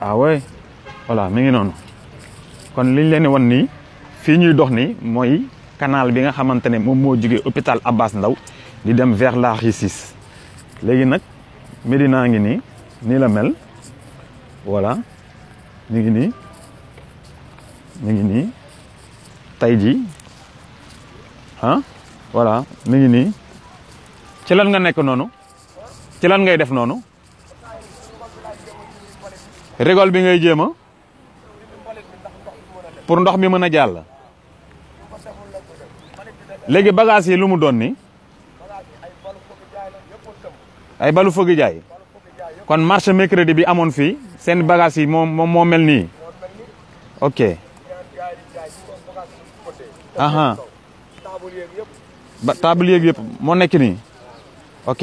ah wala mi ngi non kon liñ leen won ni fi ñuy dox ni moy canal bi nga xamantene mom mo moo hôpital Abbas Ndaw di dem vers la Rissis 6 nak medina ngi ni ni la mel wala ni ngi ni ni ngi ni tay ji ah wala ni ngi ni ci lan nga nek nonu ci lan ngay def nonu rigole bi ngay jéem pour ndox mi mën a jàll léegi bagage yi lu mu doon ni ay balu fëgg jaay kon marché mercredi bi amoon fii seen bagage yi moom moom moo mel nii ok aha ba yéeg yëpp moo nekk nii ok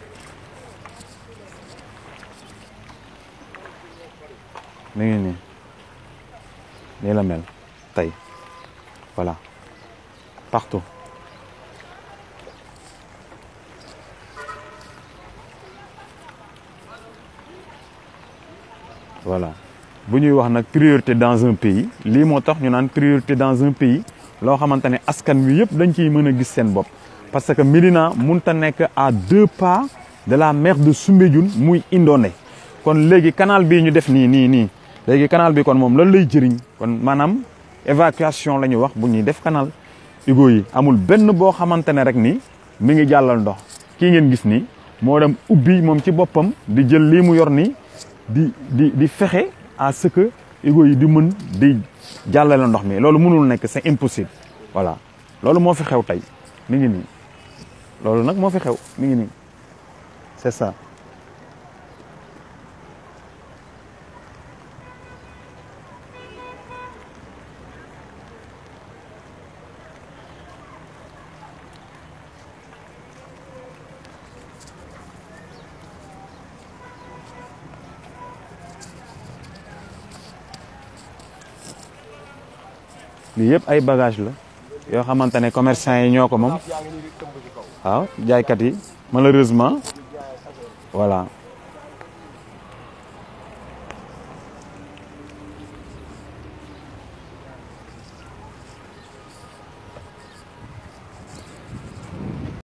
mi ni nii la mel tey voilà partout voilà bu ñuy wax nag priorité dans un pays les moo tax ñu naan priorité dans un pays loo xamante ne askan wi yëpp dañ ciy mën a gis seen parce que Medina, munta nekk à deux pas de la mer de Soumbédioune muy Indone kon les canal bii ñu def ni. ni léegi canal bi kon mom lan lay jëriñ kon Manam, évacuation lañu wax bu ñuy def canal Hugo yi amul benn bo xamantene rek ni mi ngi jallal ndox ki ngeen gis ni moo dem ubbi ci bopam di jël li mu yor ni di di di fexé à ce que Hugo yi di mën di jàllale ndox mi lolu mënul nek c'est impossible voilà lolu mo fi xew tay mi ngi nii loolu nag moo fi xew mi ngi c'est ça lii yëpp ay des la les commerçants ne commerçant yi ñoo ko moom yi malheureusement voilà